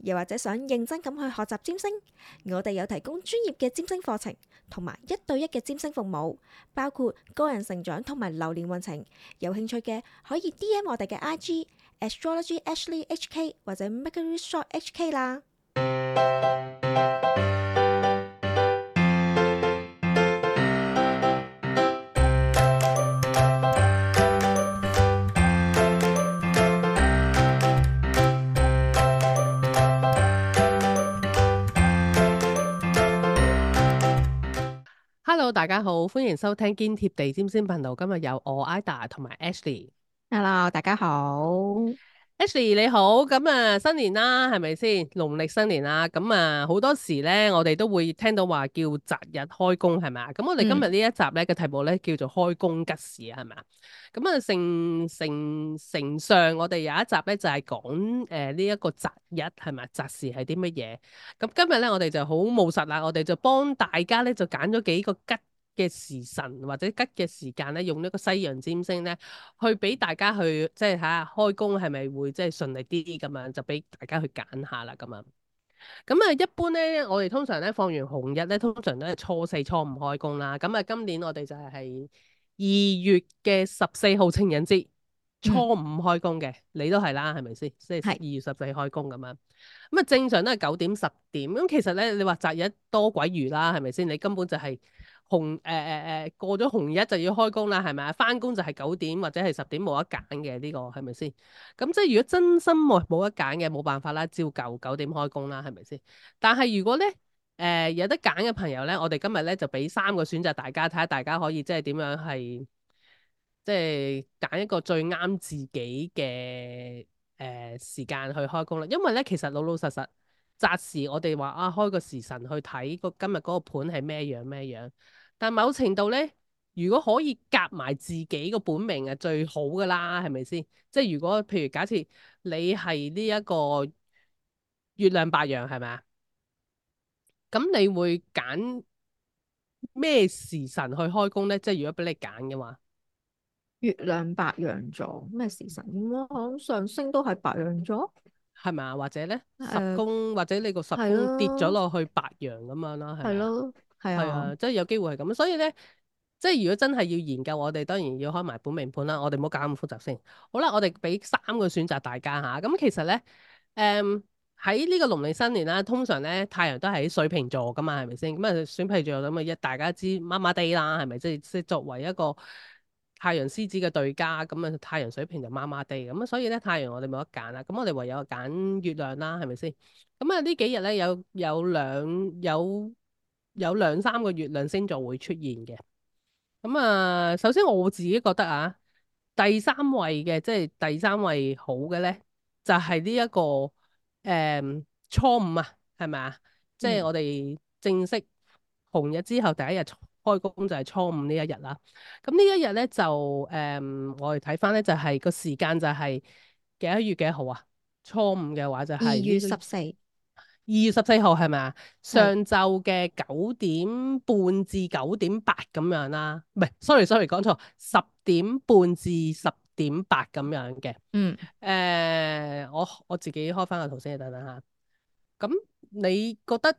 又或者想認真咁去學習占星，我哋有提供專業嘅占星課程，同埋一對一嘅占星服務，包括個人成長同埋流年運程。有興趣嘅可以 DM 我哋嘅 IG Astrology Ashley HK 或者 Mercury Shop HK 啦。Hello, 大家好，歡迎收聽堅貼地占星頻道，今日有我 Ida 同埋 Ashley。Hello，大家好。Ashley 你好，咁啊新年啦，係咪先？農曆新年啦，咁啊好多時咧，我哋都會聽到話叫擇日開工，係咪啊？咁我哋今日呢一集咧嘅題目咧叫做開工吉時啊，係咪啊？咁啊成成成上，我哋有一集咧就係講誒呢一個擇日係咪擇時係啲乜嘢？咁今日咧我哋就好務實啦，我哋就幫大家咧就揀咗幾個吉。嘅時辰或者吉嘅時間咧，用呢個西洋占星咧，去俾大家去即係睇下開工係咪會即係順利啲咁樣，就俾大家去揀下啦咁啊。咁啊，一般咧，我哋通常咧放完紅日咧，通常都係初四、初五開工啦。咁啊，今年我哋就係二月嘅十四號情人節初五開工嘅，嗯、你都係啦，係咪先？即係二月十四開工咁啊。咁啊是，正常都係九點十點咁。其實咧，你話擇日多鬼魚啦，係咪先？你根本就係、是。紅誒誒誒，過咗紅日就要開工啦，係咪啊？返工就係九點或者係十點冇得揀嘅，呢、這個係咪先？咁即係如果真心冇冇得揀嘅，冇辦法啦，照舊九點開工啦，係咪先？但係如果咧誒、呃、有得揀嘅朋友咧，我哋今日咧就俾三個選擇大家睇下，看看大家可以即係點樣係即係揀一個最啱自己嘅誒、呃、時間去開工啦。因為咧，其實老老實實擇時我，我哋話啊開個時辰去睇個今日嗰個盤係咩樣咩樣。但某程度咧，如果可以夾埋自己個本名係最好噶啦，係咪先？即係如果譬如假設你係呢一個月亮白羊，係咪啊？咁你會揀咩時辰去開工咧？即係如果俾你揀嘅話，月亮白羊座咩時辰？我上升都係白羊座，係咪啊？或者咧、呃、十宮或者你個十宮跌咗落去白羊咁樣囉，係。呃係啊，即係、就是、有機會係咁，所以咧，即係如果真係要研究，我哋當然要開埋本命盤啦。我哋唔好搞咁複雜先。好啦，我哋俾三個選擇大家吓。咁、啊、其實咧，誒喺呢個農曆新年啦，通常咧太陽都喺水瓶座噶嘛，係咪先？咁啊水瓶座咁啊一大家知麻麻地啦，係咪即係即係作為一個太陽獅子嘅對家咁啊？太陽水瓶就麻麻地咁所以咧太陽我哋冇得揀啦。咁我哋唯有揀月亮啦，係咪先？咁啊呢幾日咧有有兩有。有有有兩三個月亮星座會出現嘅。咁、嗯、啊，首先我自己覺得啊，第三位嘅，即係第三位好嘅咧，就係呢一個誒、嗯、初五啊，係咪啊？即係我哋正式紅日之後第一日開工就係初五呢一日啦。咁、嗯、呢一日咧就誒、嗯，我哋睇翻咧就係、是、個時間就係幾多月幾號啊？初五嘅話就係月，二月十四。二月十四號係咪啊？上晝嘅九點半至九點八咁樣啦，唔係、嗯、，sorry sorry，講錯，十點半至十點八咁樣嘅。嗯，誒、呃，我我自己開翻個圖先，等等下。咁你覺得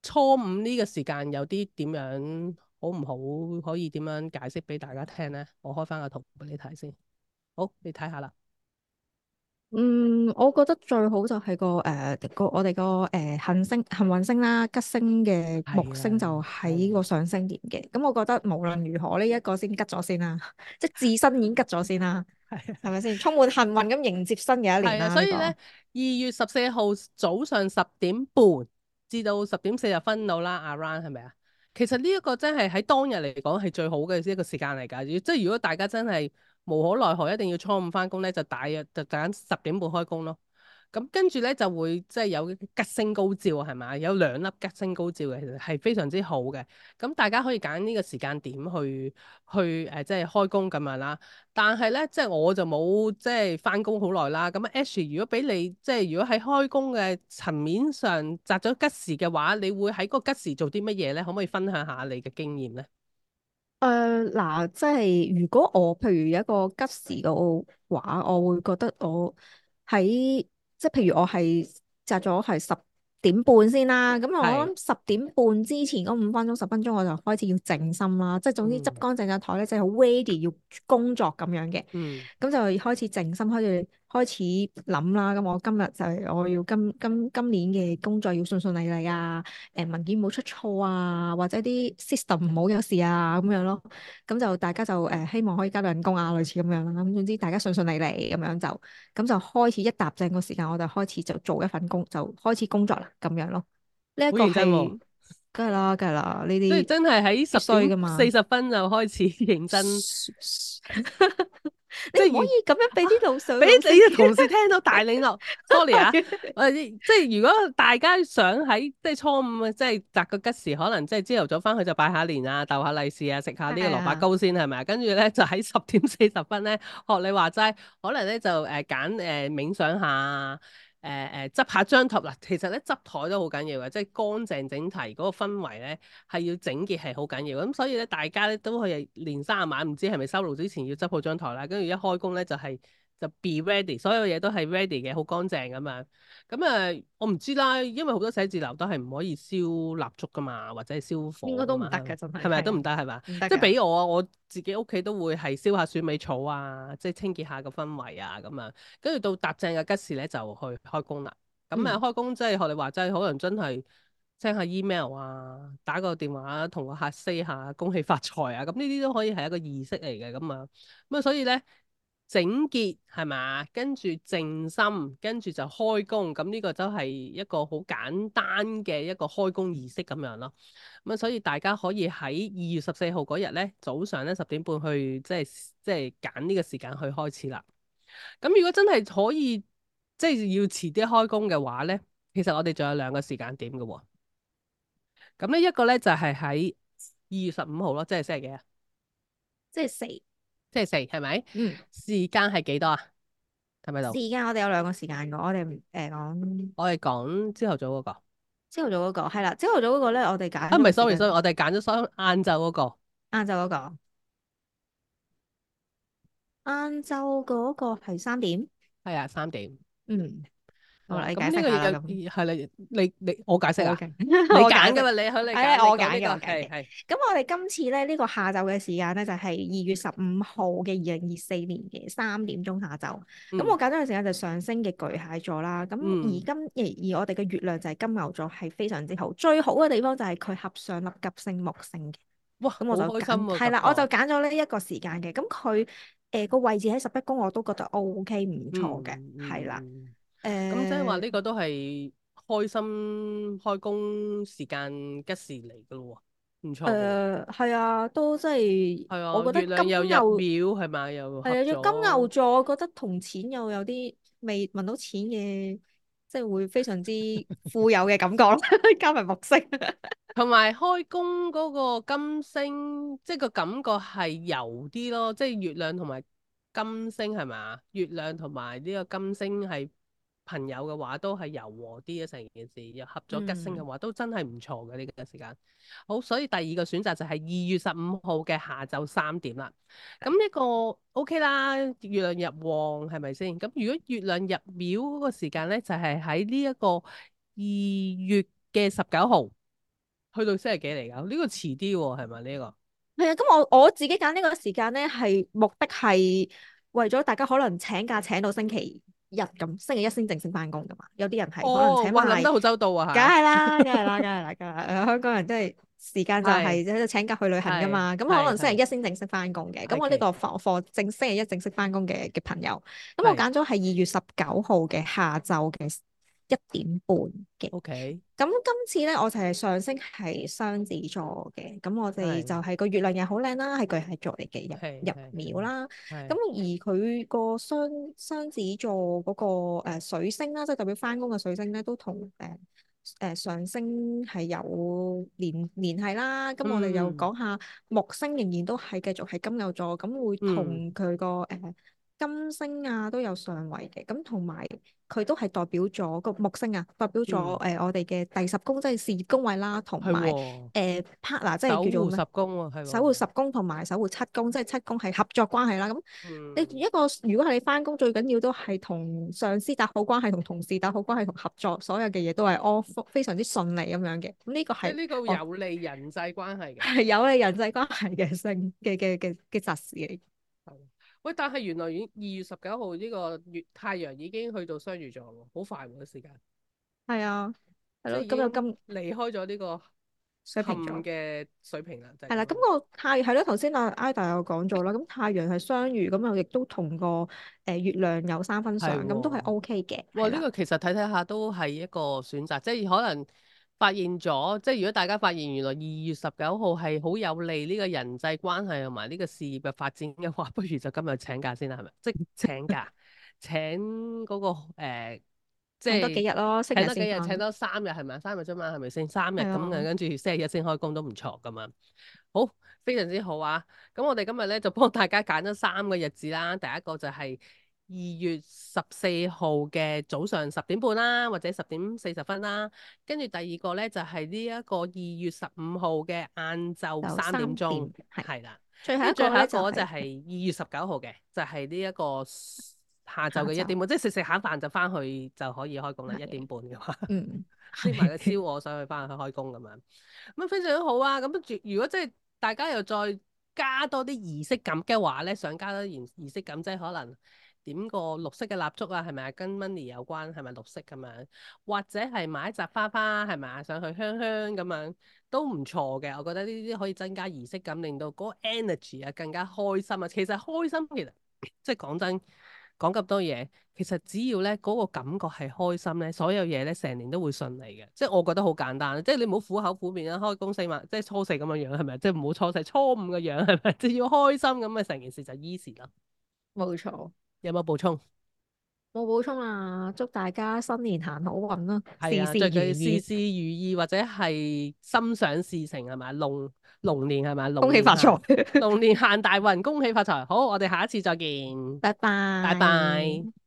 初五呢個時間有啲點樣好唔好？可以點樣解釋俾大家聽咧？我開翻個圖俾你睇先。好，你睇下啦。嗯，我覺得最好就係個誒、呃、個我哋個誒恆、呃、星、幸運星啦、吉星嘅木星就喺個上升點嘅。咁、嗯嗯、我覺得無論如何，呢、這、一個先吉咗先啦，即自身已經吉咗先啦，係咪先充滿幸運咁迎接新嘅一年啦？啊、所以咧，這個、二月十四號早上十點半至到十點四十分到啦，阿 Ron 係咪啊？其實呢一個真係喺當日嚟講係最好嘅一個、這個時間嚟㗎。即如果大家真係，無可奈何，一定要初五翻工咧，就大約就揀十點半開工咯。咁、嗯、跟住咧就會即係、就是、有吉星高照係咪？有兩粒吉星高照嘅，其實係非常之好嘅。咁、嗯、大家可以揀呢個時間點去去誒、呃，即係開工咁樣啦。但係咧，即係我就冇即係翻工好耐啦。咁、嗯、Ash，如果俾你即係如果喺開工嘅層面上擇咗吉時嘅話，你會喺嗰個吉時做啲乜嘢咧？可唔可以分享下你嘅經驗咧？誒，嗱、uh，即係如果我譬如有一個吉時嘅話，我會覺得我喺即係，譬如我係擇咗係十點半先啦。咁是我諗十點半之前嗰五分鐘、十分鐘，我就開始要靜心啦。即係總之乾淨，執乾淨隻台咧，即係好 ready 要工作咁樣嘅。嗯，咁就開始靜心，開始。開始諗啦，咁我今日就係我要今今今年嘅工作要順順利利啊，誒、呃、文件唔好出錯啊，或者啲 system 唔好有事啊咁樣咯，咁就大家就誒、呃、希望可以加到人工啊，類似咁樣啦，咁總之大家順順利利咁、啊、樣就，咁就開始一踏正個時間，我就開始就做一份工，就開始工作啦咁樣咯。呢、這、一個梗係啦，梗係啦，呢啲。真係喺十歲四十分就開始認真。 你可以咁樣俾啲老水俾你嘅同事聽到大領樓，多謝 啊！誒， 即係如果大家想喺即係初五，即係擇個吉時，可能即係朝頭早返去就拜下年啊，逗下利是啊，食下呢個蘿蔔糕先係咪？跟住咧，就喺十點四十分咧，學你話齋，可能咧就誒揀誒冥想下。誒誒執下張枱啦，其實咧執枱都好緊要嘅，即係乾淨整齊嗰個氛圍咧，係要整潔，係好緊要，咁所以咧大家咧都係年三十晚唔知係咪收爐之前要執好張枱啦，跟住一開工咧就係、是。就 be ready，所有嘢都係 ready 嘅，好乾淨咁樣。咁、嗯、啊，我唔知啦，因為好多寫字樓都係唔可以燒蠟燭噶嘛，或者係燒火應該都唔得嘅，真係係咪都唔得係嘛？是是即係俾我我自己屋企都會係燒下鼠尾草啊，即係清潔下個氛圍啊咁樣啊。跟住到搭正嘅吉時咧，就去開工啦。咁、嗯、啊、嗯嗯，開工即係學你話齋，可能真係 send 下 email 啊，打個電話同個客 say 下恭喜發財啊，咁呢啲都可以係一個儀式嚟嘅咁啊。咁啊，所以咧。整潔係嘛，跟住靜心，跟住就開工。咁呢個都係一個好簡單嘅一個開工儀式咁樣咯。咁啊，所以大家可以喺二月十四號嗰日咧，早上咧十點半去，即係即係揀呢個時間去開始啦。咁如果真係可以，即係要遲啲開工嘅話咧，其實我哋仲有兩個時間點嘅喎、哦。咁呢一個咧就係喺二月十五號咯，即係星期幾啊？即係四。即係四係咪？是是嗯，時間係幾多啊？係咪到？時間我哋有兩個時間嘅，我哋誒講，我哋講朝頭早嗰個。朝頭早嗰個係啦，朝頭早嗰個咧，我哋揀。啊，唔係，sorry，sorry，我哋揀咗雙晏晝嗰個。晏晝嗰個。晏晝嗰個係三點。係啊，三點。嗯。解呢個月係你你你我解釋啊，你揀噶嘛，你去你係啊，我揀個係。咁我哋今次咧呢個下晝嘅時間咧就係二月十五號嘅二零二四年嘅三點鐘下晝。咁我揀咗個時間就上升嘅巨蟹座啦。咁而今而而我哋嘅月亮就係金牛座，係非常之好。最好嘅地方就係佢合上粒吉星木星嘅。哇！咁我就開心係啦，我就揀咗呢一個時間嘅。咁佢誒個位置喺十一宮，我都覺得 O K 唔錯嘅。係啦。誒，咁、嗯、即係話呢個都係開心、呃、開工時間吉時嚟嘅咯，唔錯。誒、呃，係啊，都真、就、係、是，係啊，我覺得月亮又入廟係咪又係啊，金牛座，我覺得同錢又有啲未聞到錢嘅，即係會非常之富有嘅感覺， 加埋上木星，同埋開工嗰個金星，即、就、係、是、個感覺係柔啲咯，即、就、係、是、月亮同埋金星係咪，月亮同埋呢個金星係。朋友嘅話都係柔和啲嘅成件事，又合咗吉星嘅話都真係唔錯嘅呢個時間。好，所以第二個選擇就係二月十五號嘅下晝三點啦。咁一個 OK 啦，月亮入旺係咪先？咁如果月亮入廟嗰個時間咧，就係喺呢一個二月嘅十九號，去到星期幾嚟㗎？呢個遲啲喎，係咪呢個？係啊，咁我我自己揀呢個時間咧，係目的係為咗大家可能請假請到星期日咁，星期一先正式翻工噶嘛，有啲人係可能請翻假。諗得好周到啊！梗係啦，梗係啦，梗係啦，梗係啦！香港人真係時間就係即係請假去旅行噶嘛，咁可能星期一先正式翻工嘅。咁我呢個放課正星期一正式翻工嘅嘅朋友，咁的我揀咗係二月十九號嘅下晝嘅。一點半嘅，OK。咁今次咧，我哋上升係雙子座嘅，咁我哋就係個月亮又好靚啦，係巨蟹座嚟嘅入 Okay. 入廟啦。咁 Okay. 而佢個雙雙子座嗰、那個、呃、水星啦，即係代表返工嘅水星咧，都同誒誒上升係有連連繫啦。咁我哋又講下、嗯、木星仍然都係繼續係金牛座，咁會同佢、那個誒。嗯金星啊都有上位嘅，咁同埋佢都係代表咗個木星啊，代表咗誒、嗯呃、我哋嘅第十宮，即係事業宮位啦，同埋誒、啊呃、partner 即係叫做十宮喎、啊，係、啊、守護十宮同埋守護七宮，即係七宮係合作關係啦。咁你一個如果係你翻工，最緊要都係同上司打好關係，同同事打好關係，同合作，所有嘅嘢都係 off 非常之順利咁樣嘅。咁、這、呢個係呢個有利人際關係嘅我， 有利人際關係嘅性嘅嘅嘅嘅雜事嚟。喂，但係原來已經二月十九號呢個月太陽已經去到雙魚座，好快喎啲時間。係啊的，即係咁又咁離開咗呢個水平嘅水平啦。係、就、啦、是，咁、那個太陽係咯，頭先阿 Ida 有講咗啦，咁太陽係雙魚，咁又亦都同個誒月亮有三分相，咁的都係 OK 嘅。哇，呢、這個其實睇睇下都係一個選擇，即係可能。發現咗即係，如果大家發現原來二月十九號係好有利呢個人際關係同埋呢個事業嘅發展嘅話，不如就今日請假先啦，係咪？即係請假 請嗰、嗰個、呃、即係請多幾日咯，日請多幾日請多三日係咪三日啫嘛，係咪先？三日咁嘅？跟住星期一先開工都唔錯噉樣。好，非常之好啊！咁我哋今日咧就幫大家揀咗三個日子啦。第一個就係、係。二月十四號嘅早上十點半啦，或者十點四十分啦。跟住第二個呢，就係呢一個二月十五號嘅晏晝三點鐘係啦。的最後一個就係二月十九號嘅，就係呢一個下晝嘅一點半。午即係食食下飯就翻去就可以開工啦。一點午半嘅話，燒埋個燒鵝上去翻去開工咁樣咁非常之好啊。咁住如果即係大家又再加多啲儀式感嘅話呢，想加多啲儀式感，即係可能。點個綠色嘅蠟燭啊，係咪啊？跟 money 有關，係咪綠色咁樣？或者係買一扎花花，係咪？上去香香咁樣都唔錯嘅。我覺得呢啲可以增加儀式感，令到嗰個 energy 啊更加開心啊。其實開心其實，其實即係講真講咁多嘢，其實只要咧嗰個感覺係開心咧，所有嘢咧成年都會順利嘅。即係我覺得好簡單，即係你唔好苦口苦面啦。開工四萬即係初四咁樣樣係咪？即係唔好初四初五嘅樣係咪？即係要開心咁啊，成件事就 easy 啦。冇錯。有冇補充？冇補充啊。祝大家新年行好運啦、啊，啊、事，事，事事如意，或者係心想事成係咪？龍龍年係咪，恭喜發財，龍年行大運，恭喜發財。好，我哋下一次再見。拜拜，拜拜。